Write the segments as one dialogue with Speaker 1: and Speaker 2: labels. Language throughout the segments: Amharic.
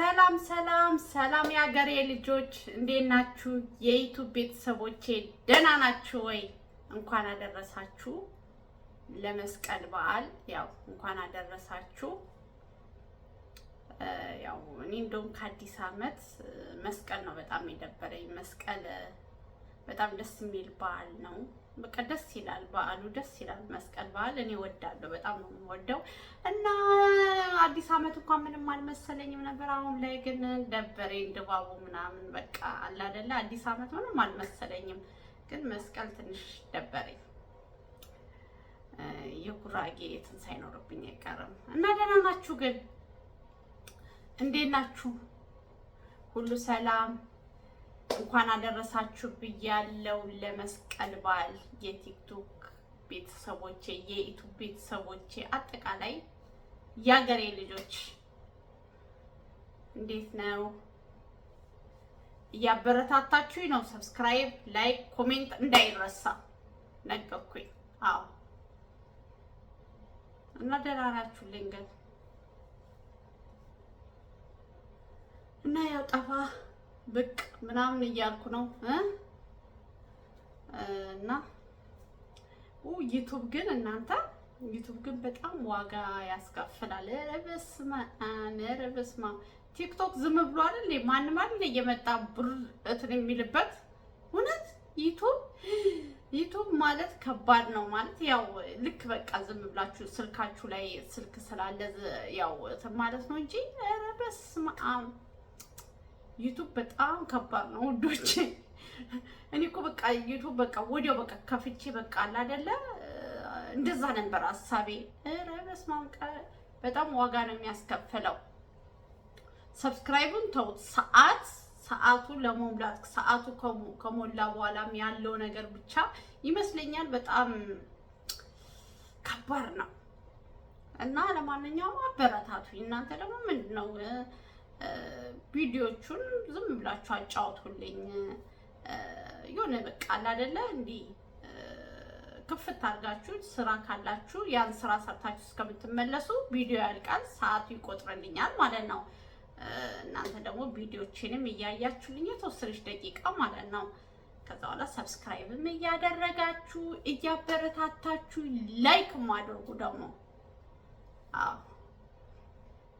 Speaker 1: ሰላም ሰላም ሰላም የሀገሬ ልጆች እንዴት ናችሁ? የዩቱብ ቤተሰቦቼ ደህና ናችሁ ወይ? እንኳን አደረሳችሁ ለመስቀል በዓል። ያው እንኳን አደረሳችሁ። ያው እኔ እንደውም ከአዲስ አመት መስቀል ነው በጣም የደበረኝ። መስቀል በጣም ደስ የሚል በዓል ነው። በቃ ደስ ይላል። በዓሉ ደስ ይላል። መስቀል በዓል እኔ ወዳለሁ፣ በጣም ነው የምወደው እና አዲስ አመት እንኳን ምንም አልመሰለኝም ነበር። አሁን ላይ ግን ደበሬ ድባቡ ምናምን በቃ አለ አይደለ? አዲስ ዓመት ምንም አልመሰለኝም፣ ግን መስቀል ትንሽ ደበሬ የጉራጌ የትን ሳይኖርብኝ አይቀርም እና ደህና ናችሁ? ግን እንዴት ናችሁ? ሁሉ ሰላም እንኳን አደረሳችሁ ብያለው ለመስቀል በዓል የቲክቶክ ቤተሰቦቼ የዩቱብ ቤተሰቦቼ አጠቃላይ የአገሬ ልጆች እንዴት ነው? እያበረታታችሁ ነው። ሰብስክራይብ፣ ላይክ፣ ኮሜንት እንዳይረሳ ነገርኩኝ። አዎ እና ደህና ናችሁልኝ ግን እና ያው ጠፋ ብቅ ምናምን እያልኩ ነው እና ዩቱብ ግን እናንተ ዩቱብ ግን በጣም ዋጋ ያስከፍላል። ረበስማ ረበስማ ቲክቶክ ዝም ብሎ አይደል ማንም አይደል እየመጣ ብር እትን የሚልበት እውነት ዩቱብ ዩቱብ ማለት ከባድ ነው። ማለት ያው ልክ በቃ ዝም ብላችሁ ስልካችሁ ላይ ስልክ ስላለ ያው ማለት ነው እንጂ ረበስማ ዩቱብ በጣም ከባድ ነው ውዶች። እኔ እኮ በቃ ዩቱብ በቃ ወዲያው በቃ ከፍቼ በቃ አለ አይደለ እንደዛ ነበር ሀሳቤ። ኧረ በስመ አብ በጣም ዋጋ ነው የሚያስከፍለው። ሰብስክራይቡን ተውት፣ ሰዓት ሰዓቱ ለመሙላት ሰዓቱ ከሞላ በኋላም ያለው ነገር ብቻ ይመስለኛል በጣም ከባድ ነው እና ለማንኛውም አበረታቱ። እናንተ ደግሞ ምንድን ነው ቪዲዮቹን ዝም ብላችሁ አጫውቱልኝ። የሆነ በቃ አላደለ እንዲህ ክፍት አድርጋችሁ ስራ ካላችሁ ያን ስራ ሰርታችሁ እስከምትመለሱ ቪዲዮ ያልቃል፣ ሰዓቱ ይቆጥርልኛል ማለት ነው። እናንተ ደግሞ ቪዲዮችንም እያያችሁልኝ የተወሰነች ደቂቃ ማለት ነው። ከዛ በኋላ ሰብስክራይብም እያደረጋችሁ እያበረታታችሁ ላይክ ማድረጉ ደግሞ አዎ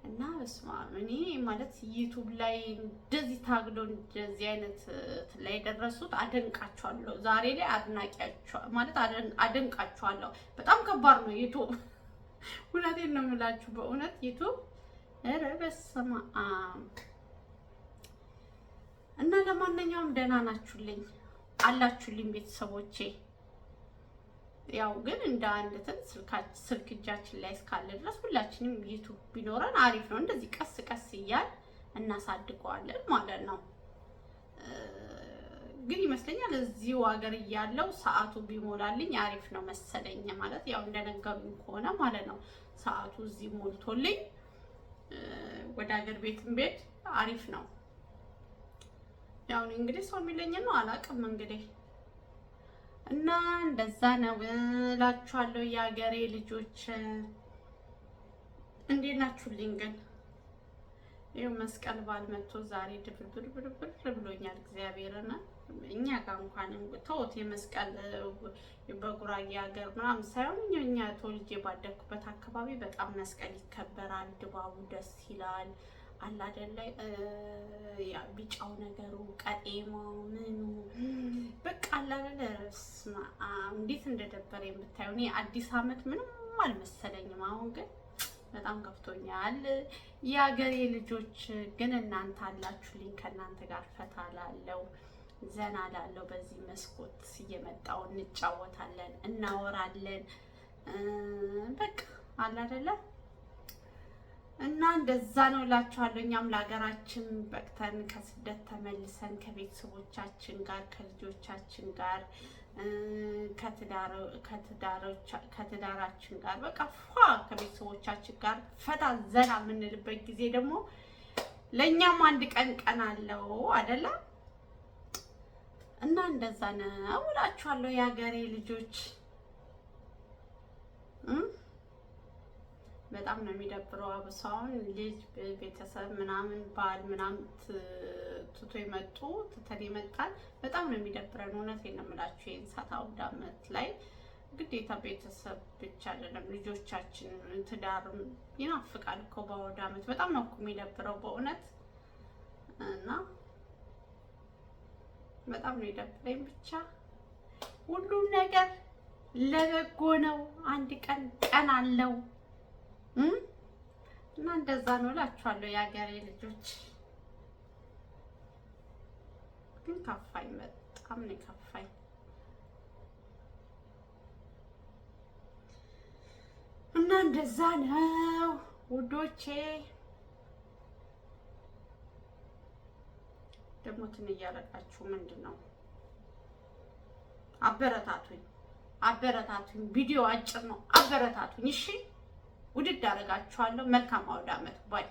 Speaker 1: እና በስማ እኔ ማለት ዩቱብ ላይ እንደዚህ ታግሎ እንደዚህ አይነት ላይ የደረሱት አደንቃቸዋለሁ። ዛሬ ላይ አድናቂያቸው ማለት አደንቃቸዋለሁ። በጣም ከባድ ነው ዩቱብ፣ እውነቴን ነው የምላችሁ። በእውነት ዩቱብ ኧረ በስማ እና ለማንኛውም ደህና ናችሁልኝ አላችሁልኝ ቤተሰቦቼ ያው ግን እንደ አንድ እንትን ስልክ እጃችን ላይ እስካለ ድረስ ሁላችንም ዩቱብ ቢኖረን አሪፍ ነው። እንደዚህ ቀስ ቀስ እያል እናሳድገዋለን ማለት ነው። ግን ይመስለኛል እዚሁ ሀገር እያለው ሰዓቱ ቢሞላልኝ አሪፍ ነው መሰለኝ። ማለት ያው እንደነገሩኝ ከሆነ ማለት ነው ሰዓቱ እዚህ ሞልቶልኝ ወደ ሀገር ቤትም ቤት አሪፍ ነው። ያው እንግዲህ ሰው የሚለኝ ነው አላውቅም እንግዲህ እና እንደዛ ነው እላችኋለሁ የሀገሬ ልጆች። እንዴት ናችሁልኝ ግን? ይኸው መስቀል በዓል መጥቶ ዛሬ ድብርብር ብርብር ብሎኛል። እግዚአብሔርን እኛ ጋር እንኳን ተውት የመስቀል በጉራጌ ሀገር ምናምን ሳይሆን እኛ ተወልጄ ባደኩበት አካባቢ በጣም መስቀል ይከበራል። ድባቡ ደስ ይላል። አለ ያ ቢጫው ነገሩ ቀጤማው ምኑ በቃ አላደለ ስማ እንዴት እንደደበረ የምታየው እኔ አዲስ አመት ምንም አልመሰለኝም አሁን ግን በጣም ከፍቶኛል የሀገሬ ልጆች ግን እናንተ አላችሁልኝ ከእናንተ ጋር ፈታ ላለው ዘና ላለው በዚህ መስኮት እየመጣው እንጫወታለን እናወራለን በቃ አለ እና እንደዛ ነው እላችኋለሁ። እኛም ለሀገራችን በቅተን ከስደት ተመልሰን ከቤተሰቦቻችን ጋር ከልጆቻችን ጋር ከትዳራችን ጋር በቃ ፏ ከቤተሰቦቻችን ጋር ፈታ ዘና የምንልበት ጊዜ ደግሞ ለእኛም አንድ ቀን ቀን አለው አደለ? እና እንደዛ ነው እላችኋለሁ የሀገሬ ልጆች። በጣም ነው የሚደብረው። አብሶ አሁን ልጅ ቤተሰብ ምናምን ባል ምናምን ትቶ የመጡ ትተን ይመጣል። በጣም ነው የሚደብረን። እውነት ነው የምላችሁ የእንስሳት አውደ ላይ ግዴታ ቤተሰብ ብቻ አይደለም ልጆቻችን ትዳርም ይናፍቃል እኮ በአውደ ዓመት በጣም ነው የሚደብረው በእውነት እና በጣም ነው የደብረኝ። ብቻ ሁሉም ነገር ለበጎ ነው። አንድ ቀን ቀን አለው እና እንደዛ ነው እላችኋለሁ የሀገሬ ልጆች። ግን ከፋኝ፣ በጣም ነው ከፋኝ። እና እንደዛ ነው ውዶቼ። ደግሞ ትን እያለቃችሁ ምንድን ነው አበረታቱኝ፣ አበረታቱኝ። ቪዲዮ አጭር ነው፣ አበረታቱኝ። እሺ ውድድ አደርጋችኋለሁ። መልካም አውደ አመት ባይ